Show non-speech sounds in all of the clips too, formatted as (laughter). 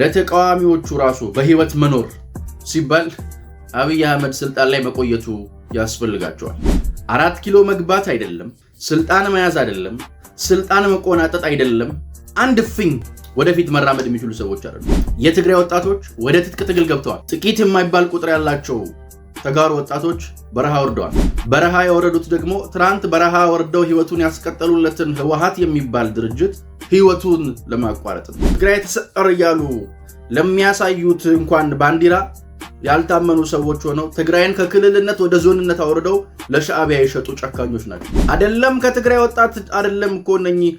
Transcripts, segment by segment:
ለተቃዋሚዎቹ ራሱ በህይወት መኖር ሲባል አብይ አህመድ ስልጣን ላይ መቆየቱ ያስፈልጋቸዋል። አራት ኪሎ መግባት አይደለም፣ ስልጣን መያዝ አይደለም፣ ስልጣን መቆናጠጥ አይደለም። አንድ ፍኝ ወደፊት መራመድ የሚችሉ ሰዎች አይደሉም። የትግራይ ወጣቶች ወደ ትጥቅ ትግል ገብተዋል። ጥቂት የማይባል ቁጥር ያላቸው ተጋሩ ወጣቶች በረሃ ወርደዋል። በረሃ የወረዱት ደግሞ ትናንት በረሃ ወርደው ህይወቱን ያስቀጠሉለትን ህወሓት የሚባል ድርጅት ህይወቱን ለማቋረጥ ነው። ትግራይ ተሰጠር እያሉ ለሚያሳዩት እንኳን ባንዲራ ያልታመኑ ሰዎች ሆነው ትግራይን ከክልልነት ወደ ዞንነት አውርደው ለሻዕቢያ የሸጡ ጨካኞች ናቸው። አደለም ከትግራይ ወጣት አደለም እኮ እነኚህ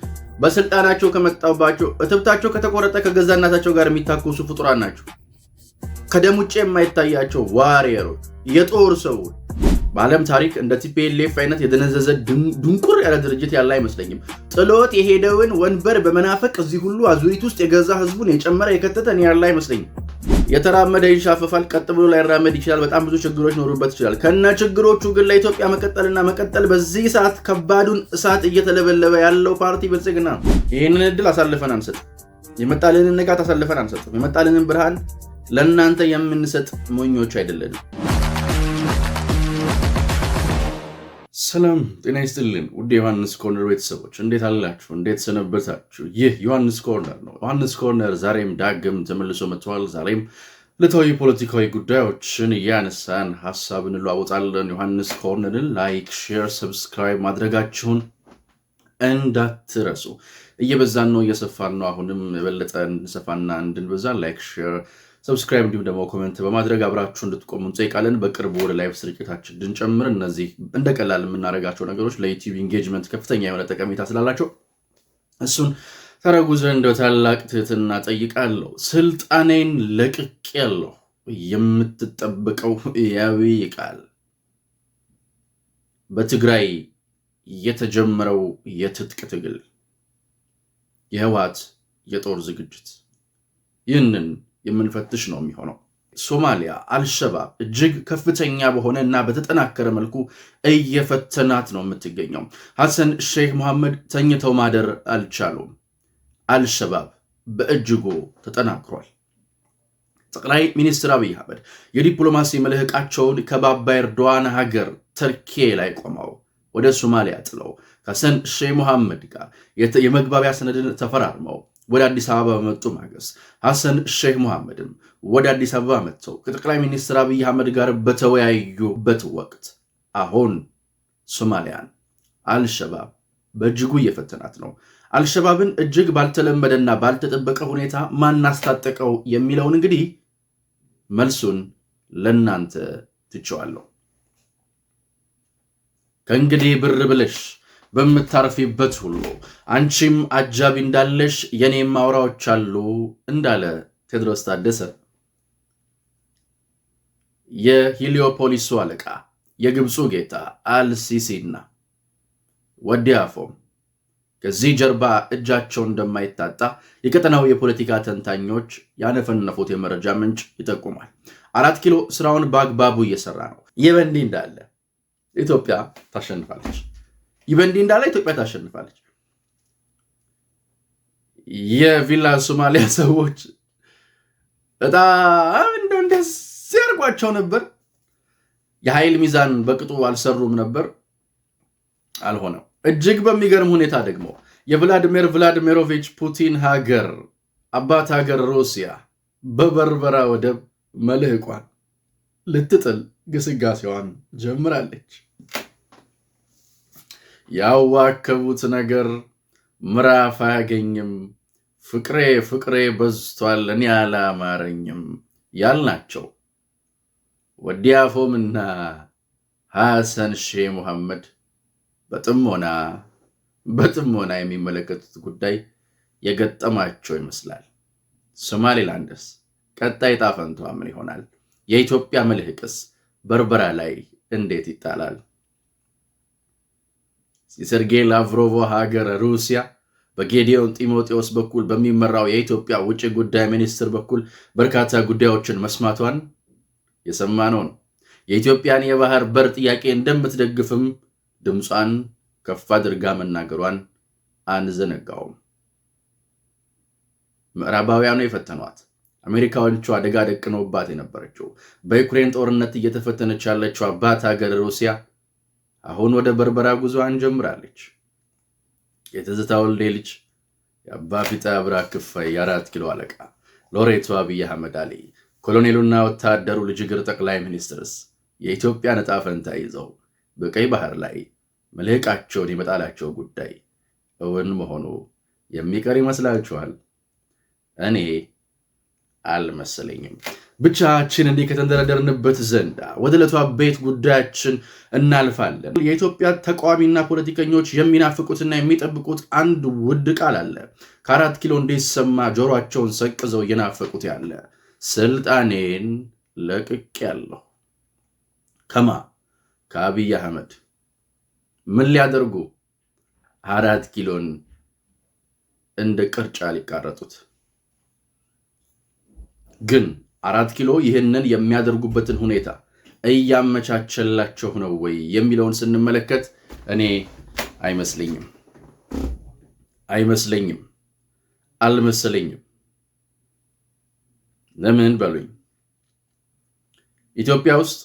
በስልጣናቸው ከመጣባቸው እትብታቸው ከተቆረጠ ከገዛ እናታቸው ጋር የሚታኮሱ ፍጡራን ናቸው። ከደም ውጭ የማይታያቸው ዋሪየሮች የጦር ሰው በዓለም ታሪክ እንደ ቲፒኤልኤፍ አይነት የደነዘዘ ድንቁር ያለ ድርጅት ያለ አይመስለኝም። ጥሎት የሄደውን ወንበር በመናፈቅ እዚህ ሁሉ አዙሪት ውስጥ የገዛ ህዝቡን የጨመረ የከተተ እኔ ያለ አይመስለኝም። የተራመደ ይንሻፈፋል፣ ቀጥ ብሎ ላይራመድ ይችላል። በጣም ብዙ ችግሮች ኖሩበት ይችላል። ከነ ችግሮቹ ግን ለኢትዮጵያ መቀጠልና መቀጠል በዚህ ሰዓት ከባዱን እሳት እየተለበለበ ያለው ፓርቲ ብልጽግና ነው። ይህንን እድል አሳልፈን አንሰጥ። የመጣልንን ንጋት አሳልፈን አንሰጥም። የመጣልንን ብርሃን ለእናንተ የምንሰጥ ሞኞች አይደለንም። ሰላም ጤና ይስጥልን ውድ የዮሐንስ ኮርነር ቤተሰቦች እንዴት አላችሁ? እንዴት ሰነበታችሁ? ይህ ዮሐንስ ኮርነር ነው። ዮሐንስ ኮርነር ዛሬም ዳግም ተመልሶ መጥተዋል። ዛሬም ዕለታዊ ፖለቲካዊ ጉዳዮችን እያነሳን ሀሳብ እንለዋወጣለን። ዮሐንስ ኮርነርን ላይክ፣ ሼር፣ ሰብስክራይብ ማድረጋችሁን እንዳትረሱ። እየበዛን ነው፣ እየሰፋን ነው። አሁንም የበለጠ እንድንሰፋና እንድንበዛ ላይክ፣ ሼር ሰብስክራይብ እንዲሁም ደግሞ ኮሜንት በማድረግ አብራችሁ እንድትቆሙ እንጠይቃለን። በቅርቡ ወደ ላይቭ ስርጭታችን እንድንጨምር እነዚህ እንደ ቀላል የምናደርጋቸው ነገሮች ለዩቲዩብ ኢንጌጅመንት ከፍተኛ የሆነ ጠቀሜታ ስላላቸው እሱን ተረጉ ዘንድ በታላቅ ትህትና ጠይቃለሁ። ስልጣኔን ያለሁ የምትጠብቀው የአብይ ቃል በትግራይ የተጀመረው የትጥቅ ትግል፣ የህወሓት የጦር ዝግጅት ይህንን የምንፈትሽ ነው የሚሆነው። ሶማሊያ አልሸባብ እጅግ ከፍተኛ በሆነ እና በተጠናከረ መልኩ እየፈተናት ነው የምትገኘው። ሐሰን ሼክ መሐመድ ተኝተው ማደር አልቻሉም። አልሸባብ በእጅጉ ተጠናክሯል። ጠቅላይ ሚኒስትር አብይ አህመድ የዲፕሎማሲ መልህቃቸውን ከባባ ኤርዶዋን ሀገር ተርኬ ላይ ቆመው ወደ ሶማሊያ ጥለው ከሐሰን ሼህ መሐመድ ጋር የመግባቢያ ሰነድን ተፈራርመው ወደ አዲስ አበባ በመጡ ማግስት ሐሰን ሼህ መሐመድም ወደ አዲስ አበባ መጥተው ከጠቅላይ ሚኒስትር አብይ አህመድ ጋር በተወያዩበት ወቅት አሁን ሶማሊያን አልሸባብ በእጅጉ እየፈተናት ነው። አልሸባብን እጅግ ባልተለመደና ባልተጠበቀ ሁኔታ ማናስታጠቀው የሚለውን እንግዲህ መልሱን ለእናንተ ትቼዋለሁ። ከእንግዲህ ብር ብለሽ በምታርፊበት ሁሉ አንቺም አጃቢ እንዳለሽ የኔም አውራዎች አሉ እንዳለ ቴድሮስ ታደሰ። የሂሊዮፖሊሱ አለቃ የግብፁ ጌታ አልሲሲና ወዲያፎም ከዚህ ጀርባ እጃቸው እንደማይታጣ የቀጠናው የፖለቲካ ተንታኞች ያነፈነፉት የመረጃ ምንጭ ይጠቁማል። አራት ኪሎ ስራውን በአግባቡ እየሰራ ነው። ይህ በእንዲህ እንዳለ ኢትዮጵያ ታሸንፋለች። ይህ በእንዲህ እንዳለ ኢትዮጵያ ታሸንፋለች። የቪላ ሶማሊያ (laughs) ሰዎች በጣም እንደው እንደዚህ አድርጓቸው ነበር። የኃይል ሚዛን በቅጡ አልሰሩም ነበር፣ አልሆነም። እጅግ በሚገርም ሁኔታ ደግሞ የቭላድሚር ቭላድሚሮቪች ፑቲን ሀገር አባት ሀገር ሩሲያ በበርበራ ወደብ መልህቋን ልትጥል ግስጋሴዋን ጀምራለች። ያዋከቡት ነገር ምራፍ አያገኝም። ፍቅሬ ፍቅሬ በዝቷል እኔ አላማረኝም ያልናቸው ወዲያፎምና ሐሰን ሼህ ሙሐመድ በጥሞና በጥሞና የሚመለከቱት ጉዳይ የገጠማቸው ይመስላል። ሶማሌላንድስ ቀጣይ ዕጣ ፈንታዋ ምን ይሆናል? የኢትዮጵያ መልህቅስ በርበራ ላይ እንዴት ይጣላል? የሰርጌ ላቭሮቭ ሀገር ሩሲያ በጌዲዮን ጢሞቴዎስ በኩል በሚመራው የኢትዮጵያ ውጭ ጉዳይ ሚኒስትር በኩል በርካታ ጉዳዮችን መስማቷን የሰማነው ነው። የኢትዮጵያን የባህር በር ጥያቄ እንደምትደግፍም ድምጿን ከፍ አድርጋ መናገሯን አንዘነጋውም። ምዕራባውያኑ የፈተኗት አሜሪካዎቹ አደጋ ደቅነውባት የነበረችው በዩክሬን ጦርነት እየተፈተነች ያለችው አባት ሀገር ሩሲያ አሁን ወደ በርበራ ጉዞዋን ጀምራለች። የትዝታ ወልዴ ልጅ የአባ ፊጠ አብራክ ክፋይ የአራት ኪሎ አለቃ ሎሬቱ አብይ አህመድ አሊ ኮሎኔሉና ወታደሩ ልጅ ጠቅላይ ሚኒስትርስ የኢትዮጵያን ዕጣ ፈንታ ይዘው በቀይ ባህር ላይ መልህቃቸውን የመጣላቸው ጉዳይ እውን መሆኑ የሚቀር ይመስላችኋል? እኔ አልመሰለኝም። ብቻችን እንዲህ ከተንደረደርንበት ዘንዳ ወደ ዕለቱ አበይት ጉዳያችን እናልፋለን። የኢትዮጵያ ተቃዋሚና ፖለቲከኞች የሚናፍቁትና የሚጠብቁት አንድ ውድ ቃል አለ። ከአራት ኪሎ እንዲሰማ ጆሯቸውን ሰቅዘው እየናፈቁት ያለ ስልጣኔን ለቅቅ ያለው ከማ ከአብይ አህመድ ምን ሊያደርጉ አራት ኪሎን እንደ ቅርጫ ሊቃረጡት ግን አራት ኪሎ ይህንን የሚያደርጉበትን ሁኔታ እያመቻቸላቸው ነው ወይ የሚለውን ስንመለከት እኔ አይመስለኝም አይመስለኝም አልመሰለኝም። ለምን በሉኝ። ኢትዮጵያ ውስጥ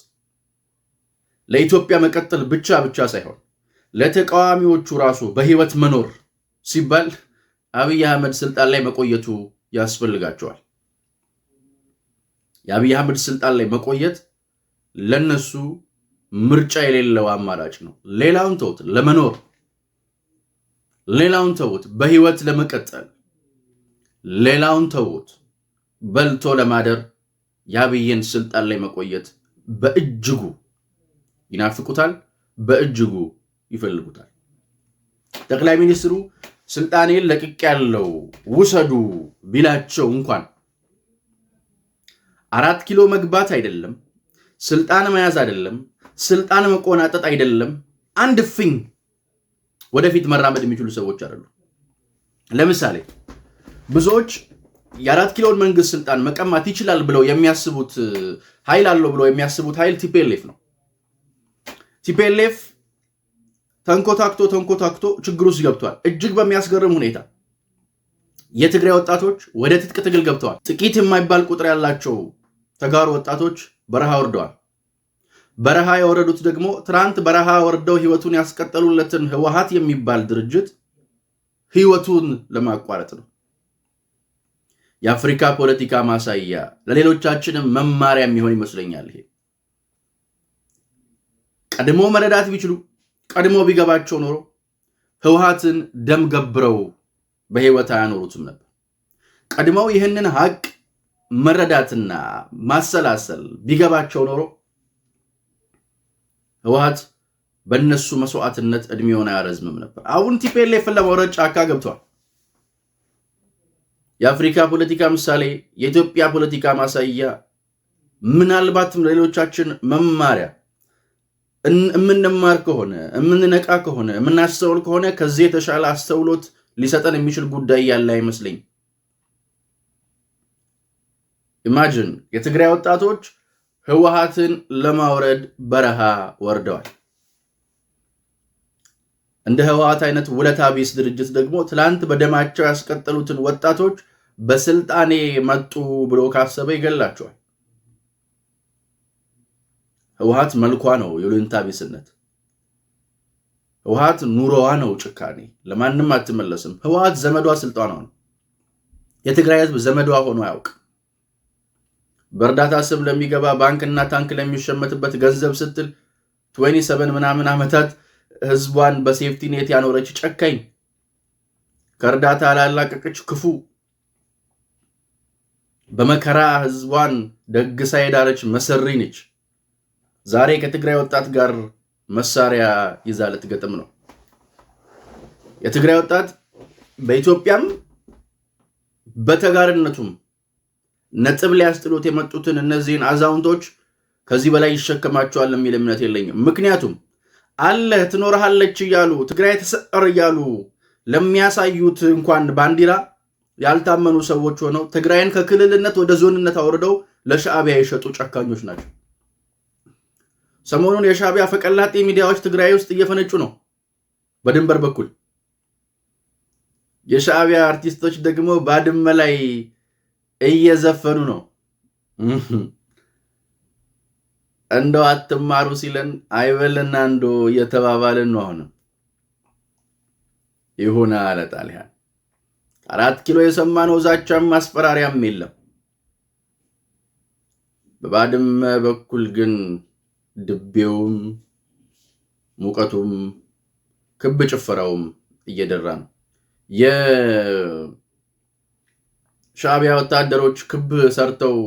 ለኢትዮጵያ መቀጠል ብቻ ብቻ ሳይሆን ለተቃዋሚዎቹ ራሱ በህይወት መኖር ሲባል አብይ አህመድ ስልጣን ላይ መቆየቱ ያስፈልጋቸዋል። የአብይ አህመድ ስልጣን ላይ መቆየት ለነሱ ምርጫ የሌለው አማራጭ ነው። ሌላውን ተውት፣ ለመኖር ሌላውን ተውት፣ በህይወት ለመቀጠል ሌላውን ተውት፣ በልቶ ለማደር የአብይን ስልጣን ላይ መቆየት በእጅጉ ይናፍቁታል፣ በእጅጉ ይፈልጉታል። ጠቅላይ ሚኒስትሩ ስልጣኔን ያለው ውሰዱ ቢላቸው እንኳን አራት ኪሎ መግባት አይደለም፣ ስልጣን መያዝ አይደለም፣ ስልጣን መቆናጠጥ አይደለም። አንድ ፍኝ ወደፊት መራመድ የሚችሉ ሰዎች አይደሉ። ለምሳሌ ብዙዎች የአራት ኪሎን መንግስት ስልጣን መቀማት ይችላል ብለው የሚያስቡት ኃይል አለው ብለው የሚያስቡት ኃይል ቲፒኤልኤፍ ነው። ቲፒኤልኤፍ ተንኮታክቶ ተንኮታክቶ ችግር ውስጥ ገብቷል። እጅግ በሚያስገርም ሁኔታ የትግራይ ወጣቶች ወደ ትጥቅ ትግል ገብተዋል። ጥቂት የማይባል ቁጥር ያላቸው ተጋሩ ወጣቶች በረሃ ወርደዋል። በረሃ የወረዱት ደግሞ ትናንት በረሃ ወርደው ህይወቱን ያስቀጠሉለትን ህወሓት የሚባል ድርጅት ህይወቱን ለማቋረጥ ነው። የአፍሪካ ፖለቲካ ማሳያ ለሌሎቻችንም መማሪያ የሚሆን ይመስለኛል። ይሄ ቀድሞ መረዳት ቢችሉ ቀድሞ ቢገባቸው ኖሮ ህወሓትን ደም ገብረው በህይወት አያኖሩትም ነበር። ቀድመው ይህንን ሀቅ መረዳትና ማሰላሰል ቢገባቸው ኖሮ ህወሓት በእነሱ መስዋዕትነት እድሜውን አያረዝምም ነበር። አሁን ቲፒኤልኤፍን ለማውረድ ጫካ ገብቷል። የአፍሪካ ፖለቲካ ምሳሌ፣ የኢትዮጵያ ፖለቲካ ማሳያ፣ ምናልባትም ለሌሎቻችን መማሪያ የምንማር ከሆነ የምንነቃ ከሆነ የምናስተውል ከሆነ ከዚህ የተሻለ አስተውሎት ሊሰጠን የሚችል ጉዳይ ያለ አይመስለኝ ኢማጅን የትግራይ ወጣቶች ህወሓትን ለማውረድ በረሃ ወርደዋል። እንደ ህወሓት አይነት ውለታ ቢስ ድርጅት ደግሞ ትላንት በደማቸው ያስቀጠሉትን ወጣቶች በስልጣኔ መጡ ብሎ ካሰበ ይገላቸዋል። ህወሓት መልኳ ነው የሉንታ ቢስነት። ህወሓት ኑሮዋ ነው ጭካኔ። ለማንም አትመለስም። ህወሓት ዘመዷ ስልጣኗ ነው። የትግራይ ህዝብ ዘመዷ ሆኖ አያውቅ። በእርዳታ ስም ለሚገባ ባንክና ታንክ ለሚሸመትበት ገንዘብ ስትል 27 ምናምን ዓመታት ህዝቧን በሴፍቲ ኔት ያኖረች ጨካኝ፣ ከእርዳታ ያላላቀቀች ክፉ፣ በመከራ ህዝቧን ደግሳ የዳረች መሰሪ ነች። ዛሬ ከትግራይ ወጣት ጋር መሳሪያ ይዛ ልትገጥም ነው። የትግራይ ወጣት በኢትዮጵያም በተጋርነቱም ነጥብ ሊያስጥሉት የመጡትን እነዚህን አዛውንቶች ከዚህ በላይ ይሸከማቸዋል የሚል እምነት የለኝም። ምክንያቱም አለህ ትኖርሃለች እያሉ ትግራይ ተሰጠር እያሉ ለሚያሳዩት እንኳን ባንዲራ ያልታመኑ ሰዎች ሆነው ትግራይን ከክልልነት ወደ ዞንነት አውርደው ለሻዕቢያ የሸጡ ጨካኞች ናቸው። ሰሞኑን የሻዕቢያ ፈቀላጤ ሚዲያዎች ትግራይ ውስጥ እየፈነጩ ነው። በድንበር በኩል የሻዕቢያ አርቲስቶች ደግሞ ባድመ ላይ እየዘፈኑ ነው። እንደው አትማሩ ሲለን አይበልና እንዶ እየተባባልን ነው። አሁንም ይሁን አለ ጣሊያን። አራት ኪሎ የሰማነው ዛቻም ማስፈራሪያም የለም። በባድመ በኩል ግን ድቤውም ሙቀቱም ክብ ጭፈራውም እየደራ ነው። ሻዕቢያ ወታደሮች ክብ ሰርተው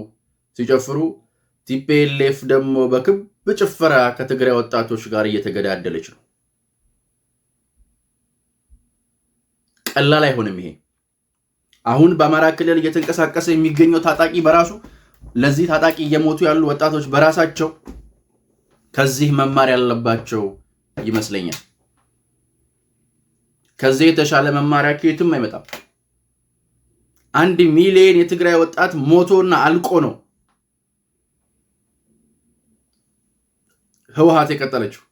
ሲጨፍሩ ቲፒኤልኤፍ ደግሞ በክብ ጭፈራ ከትግራይ ወጣቶች ጋር እየተገዳደለች ነው። ቀላል አይሆንም ይሄ። አሁን በአማራ ክልል እየተንቀሳቀሰ የሚገኘው ታጣቂ በራሱ ለዚህ ታጣቂ እየሞቱ ያሉ ወጣቶች በራሳቸው ከዚህ መማር ያለባቸው ይመስለኛል። ከዚህ የተሻለ መማሪያ ከየትም አይመጣም። አንድ ሚሊዮን የትግራይ ወጣት ሞቶና አልቆ ነው ህወሓት የቀጠለችው።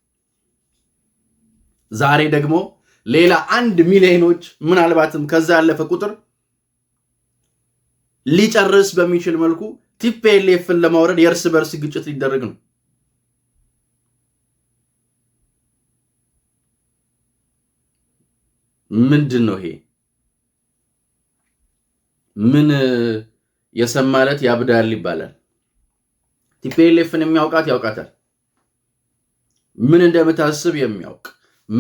ዛሬ ደግሞ ሌላ አንድ ሚሊዮኖች ምናልባትም ከዛ ያለፈ ቁጥር ሊጨርስ በሚችል መልኩ ቲፒኤልኤፍን ለማውረድ የእርስ በእርስ ግጭት ሊደረግ ነው። ምንድን ነው ይሄ? ምን የሰማለት ያብዳል ይባላል። ቲፒኤልኤፍን የሚያውቃት ያውቃታል። ምን እንደምታስብ የሚያውቅ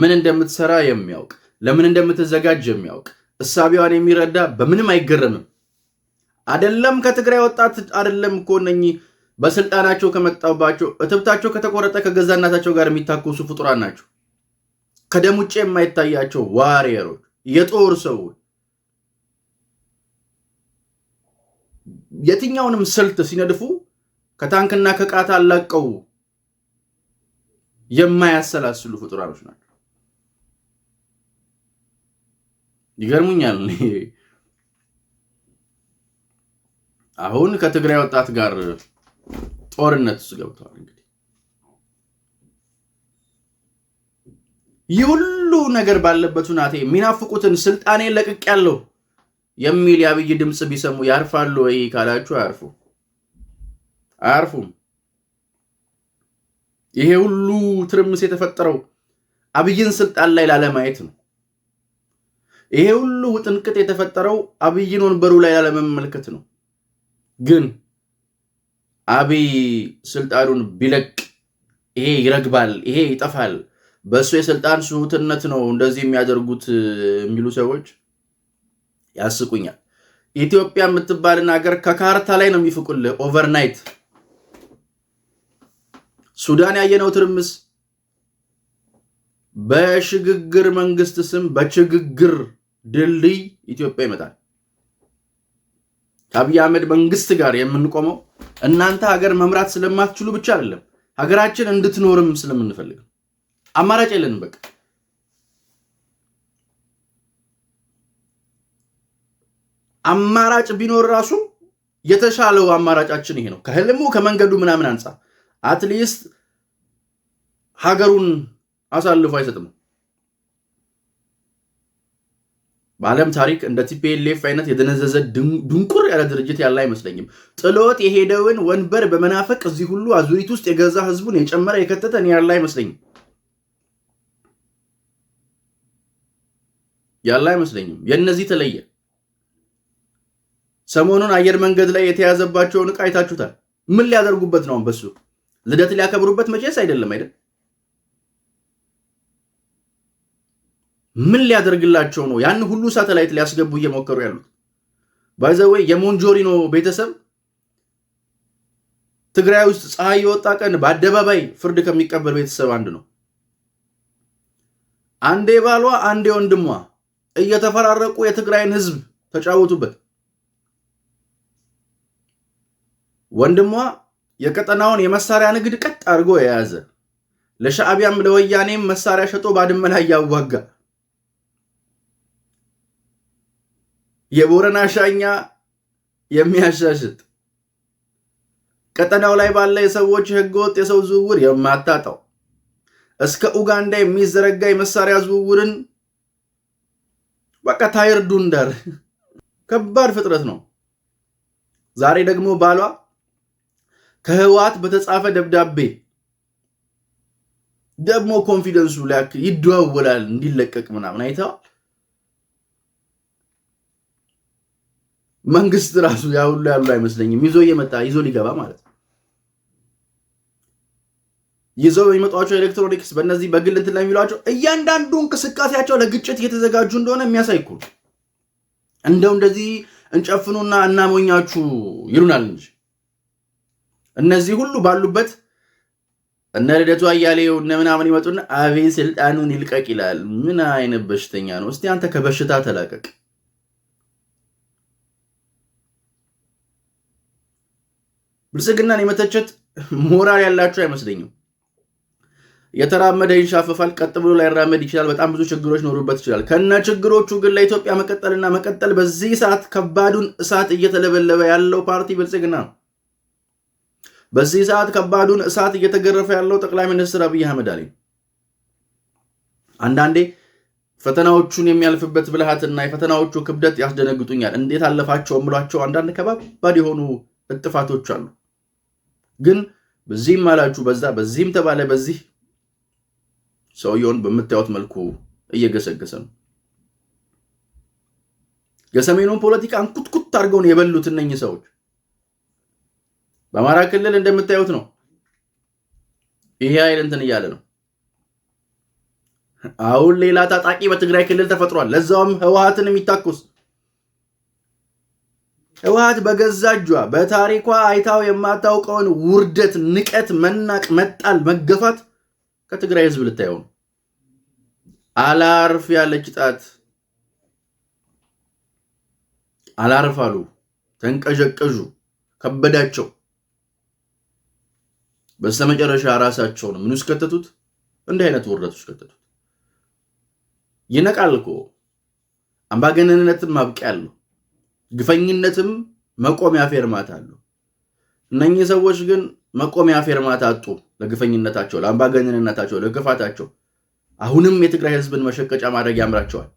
ምን እንደምትሰራ የሚያውቅ ለምን እንደምትዘጋጅ የሚያውቅ እሳቢዋን የሚረዳ በምንም አይገረምም። አደለም ከትግራይ ወጣት አደለም እኮ እነኚህ በስልጣናቸው ከመጣባቸው እትብታቸው ከተቆረጠ ከገዛ እናታቸው ጋር የሚታኮሱ ፍጡራን ናቸው። ከደም ውጭ የማይታያቸው ዋሪየሮች፣ የጦር ሰዎች የትኛውንም ስልት ሲነድፉ ከታንክና ከቃት አላቀው የማያሰላስሉ ፍጡራኖች ናቸው። ይገርሙኛል። አሁን ከትግራይ ወጣት ጋር ጦርነት ውስጥ ገብተዋል። እንግዲህ ይህ ሁሉ ነገር ባለበት ሁናቴ የሚናፍቁትን ስልጣኔ ለቅቅ ያለው የሚል የአብይ ድምፅ ቢሰሙ ያርፋሉ ወይ ካላችሁ አያርፉ አያርፉም። ይሄ ሁሉ ትርምስ የተፈጠረው አብይን ስልጣን ላይ ላለማየት ነው። ይሄ ሁሉ ውጥንቅጥ የተፈጠረው አብይን ወንበሩ ላይ ላለመመልከት ነው። ግን አብይ ስልጣኑን ቢለቅ ይሄ ይረግባል፣ ይሄ ይጠፋል፣ በእሱ የስልጣን ስሁትነት ነው እንደዚህ የሚያደርጉት የሚሉ ሰዎች ያስቁኛል። ኢትዮጵያ የምትባልን ሀገር ከካርታ ላይ ነው የሚፍቁል ኦቨርናይት። ሱዳን ያየነው ትርምስ በሽግግር መንግስት ስም በችግግር ድልድይ ኢትዮጵያ ይመጣል። ከአብይ አህመድ መንግስት ጋር የምንቆመው እናንተ ሀገር መምራት ስለማትችሉ ብቻ አይደለም፣ ሀገራችን እንድትኖርም ስለምንፈልግ አማራጭ የለንም በቃ አማራጭ ቢኖር ራሱ የተሻለው አማራጫችን ይሄ ነው። ከህልሙ ከመንገዱ ምናምን አንጻር አትሊስት ሀገሩን አሳልፎ አይሰጥም። በዓለም ታሪክ እንደ ቲፒኤልኤፍ አይነት የደነዘዘ ድንቁር ያለ ድርጅት ያለ አይመስለኝም። ጥሎት የሄደውን ወንበር በመናፈቅ እዚህ ሁሉ አዙሪት ውስጥ የገዛ ህዝቡን የጨመረ የከተተ እኔ ያለ አይመስለኝም ያለ አይመስለኝም። የእነዚህ ተለየ። ሰሞኑን አየር መንገድ ላይ የተያዘባቸውን ዕቃ አይታችሁታል። ምን ሊያደርጉበት ነው? አንበሱ ልደት ሊያከብሩበት መቼስ አይደለም አይደል? ምን ሊያደርግላቸው ነው? ያን ሁሉ ሳተላይት ሊያስገቡ እየሞከሩ ያሉት። ባይዘወይ የሞንጆሪኖ ቤተሰብ ትግራይ ውስጥ ፀሐይ የወጣ ቀን በአደባባይ ፍርድ ከሚቀበል ቤተሰብ አንድ ነው። አንዴ ባሏ አንዴ ወንድሟ እየተፈራረቁ የትግራይን ህዝብ ተጫወቱበት። ወንድሟ የቀጠናውን የመሳሪያ ንግድ ቀጥ አድርጎ የያዘ ለሻዕቢያም ለወያኔም መሳሪያ ሸጦ ባድመ ላይ እያዋጋ የቦረና ሻኛ የሚያሻሽጥ ቀጠናው ላይ ባለ የሰዎች ህገወጥ የሰው ዝውውር የማታጣው እስከ ኡጋንዳ የሚዘረጋ የመሳሪያ ዝውውርን በቃ ታይር ዱንደር ከባድ ፍጥረት ነው። ዛሬ ደግሞ ባሏ ከህወሓት በተጻፈ ደብዳቤ ደግሞ ኮንፊደንሱ ላክ ይደዋወላል እንዲለቀቅ ምናምን አይተዋል። መንግስት ራሱ ያሁሉ ያሉ አይመስለኝም። ይዞ እየመጣ ይዞ ሊገባ ማለት ነው። ይዘው የሚመጧቸው ኤሌክትሮኒክስ በእነዚህ በግል እንትን ላይ የሚሏቸው እያንዳንዱ እንቅስቃሴያቸው ለግጭት እየተዘጋጁ እንደሆነ የሚያሳይ እኮ እንደው እንደዚህ እንጨፍኑና እናሞኛችሁ ይሉናል እንጂ እነዚህ ሁሉ ባሉበት እነ ልደቱ አያሌው እነ ምናምን ይመጡና አቤት ስልጣኑን ይልቀቅ ይላል። ምን አይነት በሽተኛ ነው? እስቲ አንተ ከበሽታ ተላቀቅ። ብልጽግናን የመተቸት ሞራል ያላቸው አይመስለኝም። የተራመደ ይንሻፈፋል፣ ቀጥ ብሎ ላይራመድ ይችላል። በጣም ብዙ ችግሮች ኖሩበት ይችላል። ከነ ችግሮቹ ግን ለኢትዮጵያ መቀጠልና መቀጠል በዚህ ሰዓት ከባዱን እሳት እየተለበለበ ያለው ፓርቲ ብልጽግና ነው። በዚህ ሰዓት ከባዱን እሳት እየተገረፈ ያለው ጠቅላይ ሚኒስትር አብይ አህመድ አሊ። አንዳንዴ ፈተናዎቹን የሚያልፍበት ብልሃትና የፈተናዎቹ ክብደት ያስደነግጡኛል። እንዴት አለፋቸው ምሏቸው አንዳንድ ከባባድ የሆኑ እጥፋቶች አሉ። ግን በዚህም አላችሁ በዛ በዚህም ተባለ በዚህ ሰውየውን በምታዩት መልኩ እየገሰገሰ ነው። የሰሜኑን ፖለቲካ አንኩትኩት አድርገውን የበሉት እነኝህ ሰዎች በአማራ ክልል እንደምታዩት ነው። ይሄ ኃይል እንትን እያለ ነው። አሁን ሌላ ታጣቂ በትግራይ ክልል ተፈጥሯል። ለዛውም ህወሓትን የሚታኩስ ህወሓት በገዛ እጇ በታሪኳ አይታው የማታውቀውን ውርደት፣ ንቀት፣ መናቅ፣ መጣል፣ መገፋት ከትግራይ ህዝብ ልታየው ነው። አላርፍ ያለች ጣት አላርፍ አሉ፣ ተንቀዠቀዡ፣ ከበዳቸው። በስተመጨረሻ ራሳቸውን ምን ውስጥ ከተቱት? እንዲህ አይነት ውርደት ውስጥ ከተቱት። ይነቃል እኮ አምባገነንነትም ማብቂያ አለው፣ ግፈኝነትም መቆሚያ ፌርማታ አለው። እነኚህ ሰዎች ግን መቆሚያ ፌርማታ አጡ። ለግፈኝነታቸው፣ ለአምባገነንነታቸው፣ ለግፋታቸው አሁንም የትግራይ ህዝብን መሸቀጫ ማድረግ ያምራቸዋል።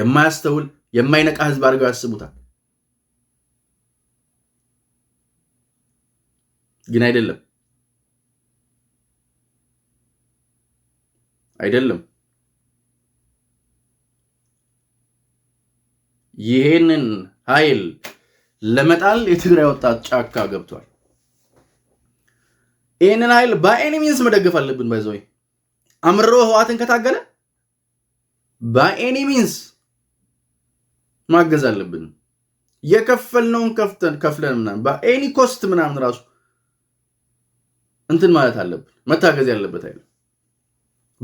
የማያስተውል የማይነቃ ህዝብ አድርገው ያስቡታል። ግን አይደለም አይደለም። ይሄንን ኃይል ለመጣል የትግራይ ወጣት ጫካ ገብቷል። ይህንን ኃይል በኤኒሚንስ መደገፍ አለብን። ባይዘ አምሮ ህዋትን ከታገለ በኤኒሚንስ ማገዝ አለብን። የከፈልነውን ከፍተን ከፍለን ምናምን በኤኒ ኮስት ምናምን ራሱ እንትን ማለት አለብን። መታገዝ ያለበት አይነት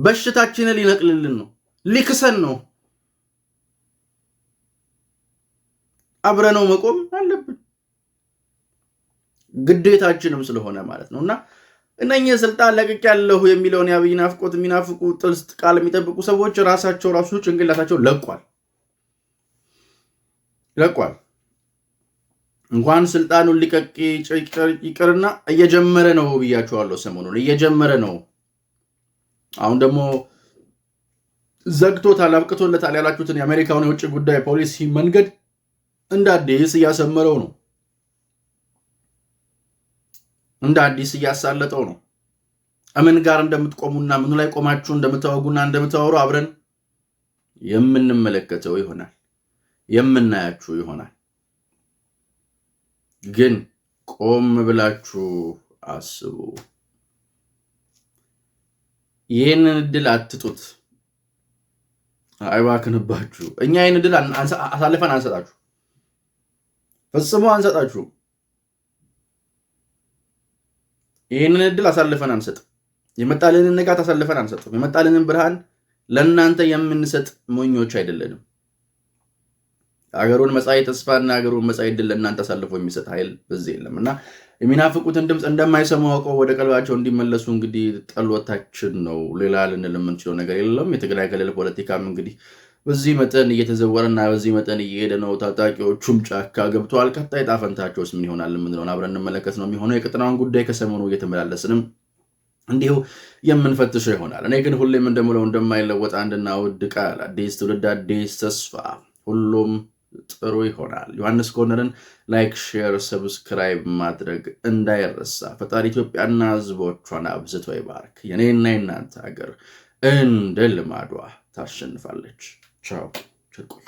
በሽታችንን ሊነቅልልን ነው፣ ሊክሰን ነው። አብረነው መቆም አለብን ግዴታችንም ስለሆነ ማለት ነው እና እነኚህ ስልጣን ለቅቅ ያለሁ የሚለውን የአብይ ናፍቆት የሚናፍቁ ጥልስት ቃል የሚጠብቁ ሰዎች ራሳቸው ራሱ ጭንቅላታቸው ለቋል ለቋል። እንኳን ስልጣኑን ሊቀቅ ይቅርና እየጀመረ ነው ብያችኋለሁ። ሰሞኑን እየጀመረ ነው። አሁን ደግሞ ዘግቶታል፣ አብቅቶለታል ያላችሁትን የአሜሪካውን የውጭ ጉዳይ ፖሊሲ መንገድ እንደ አዲስ እያሰመረው ነው። እንደ አዲስ እያሳለጠው ነው። እምን ጋር እንደምትቆሙና ምኑ ላይ ቆማችሁ እንደምታወጉና እንደምታወሩ አብረን የምንመለከተው ይሆናል፣ የምናያችሁ ይሆናል። ግን ቆም ብላችሁ አስቡ። ይህንን እድል አትጡት፣ አይባክንባችሁ። እኛ ይህን እድል አሳልፈን አንሰጣችሁ፣ ፈጽሞ አንሰጣችሁ። ይህንን እድል አሳልፈን አንሰጥ። የመጣልንን ንጋት አሳልፈን አንሰጥም። የመጣልንን ብርሃን ለእናንተ የምንሰጥ ሞኞች አይደለንም። አገሩን መጻኢ ተስፋና አገሩን መጻኢ ድል ለእናንተ አሳልፎ የሚሰጥ ኃይል በዚህ የለም እና የሚናፍቁትን ድምፅ እንደማይሰሙ አውቀው ወደ ቀልባቸው እንዲመለሱ እንግዲህ ጠሎታችን ነው። ሌላ ልንል የምንችለው ነገር የለም። የትግራይ ክልል ፖለቲካም እንግዲህ በዚህ መጠን እየተዘወረና በዚህ መጠን እየሄደ ነው። ታጣቂዎቹም ጫካ ገብተዋል። ቀጣይ ጣፈንታቸውስ ምን ይሆናል የምንለውን አብረን እንመለከት ነው የሚሆነው። የቀጠናውን ጉዳይ ከሰሞኑ እየተመላለስንም እንዲሁ የምንፈትሸው ይሆናል። እኔ ግን ሁሌም እንደምለው እንደማይለወጥ አንድና ውድ ቃል አዲስ ትውልድ አዲስ ተስፋ ሁሉም ጥሩ ይሆናል። ዮሐንስ ኮርነርን ላይክ፣ ሼር፣ ሰብስክራይብ ማድረግ እንዳይረሳ። ፈጣሪ ኢትዮጵያና ሕዝቦቿን አብዝቶ ይባርክ። የኔና የናንተ ሀገር እንደ ልማዷ ታሸንፋለች። ቻው ቸርቆይ